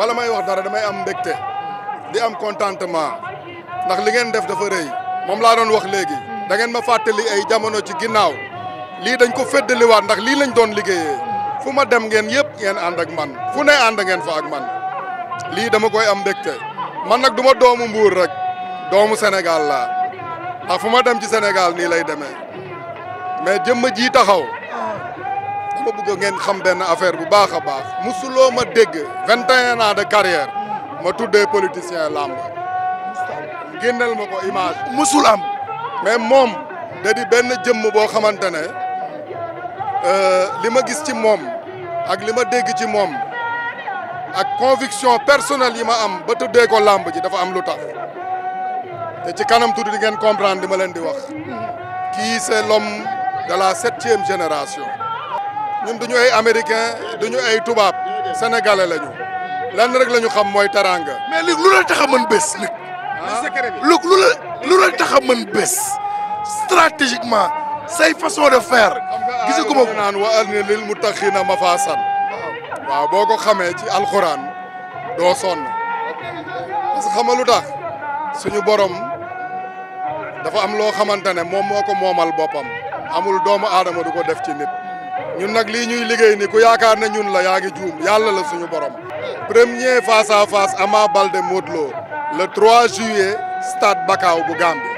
bala may wax dara damay am mbégte di am contentement ndax li ngeen def dafa rëy moom laa doon wax léegi dangeen ngeen ma fàttali ay jamono ci ginnaaw lii dañ ko féddaliwaat ndax lii lañ doon liggéeyee fu ma dem ngeen yëpp ngeen ànd ak man fu ne ànd ngeen fa ak man lii dama koy am mbégte man nag du ma doomu mbuur rek doomu Sénégal laa ndax fu ma dem ci Sénégal nii lay demee mais jëmm ji taxaw ma bëgg ngeen xam benn affaire bu baax a baax musuloo ma dégg vingt et un ans de carrière ma tuddee politicien làmb génneel ma ko image musul am mais moom da benn jëmm boo xamante ne euh, li ma gis ci moom ak li ma dégg ci moom ak conviction personnelle yi ma am ba tuddee ko làmb ji dafa am lu tax te ci kanam tudd di ngeen comprendre li ma leen di wax kii c'est l'homme de la septième génération ñun duñu ay américain duñu ay tubaab sénégalais lañu lan rek ñu xam mooy teraanga. mais léegi lu la tax bés léegi. Ah. lu la lu bés stratégiquement say façon de faire. gis nga ko naan wa anna lil muttaqiina mafaasan waaw boo ko xamee ci alxuraan doo sonn parce que xam nga borom dafa am loo xamante ne moom moo ko moomal boppam amul doomu aadama du ko def ci nit. ñun nag lii ñuy liggéey ni ku yaakaar ne ñun la yaa ngi juum yàlla la suñu borom. premier face à face Ama balde Modou Lo le 3 juillet stade Bakaaw bu Gambie.